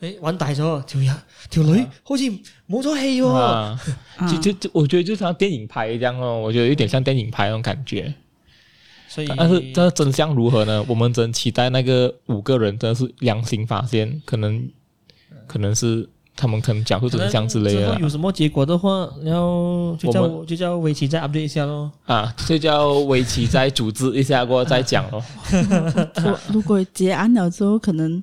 誒，玩大咗，條人條女好似冇咗氣喎。就就就，我覺得就像電影拍一樣咯，我覺得有點像電影拍那種、嗯、感覺。所以，但是但是真相如何呢？ 我們只能期待那個五個人真的是良心發現，可能可能是他們可能講出真相之類啊。有什麼結果的話，然後就叫就叫維琪再 update 一下咯。啊，就叫維琪再組織一下過再講咯。 如果結案了之後，可能。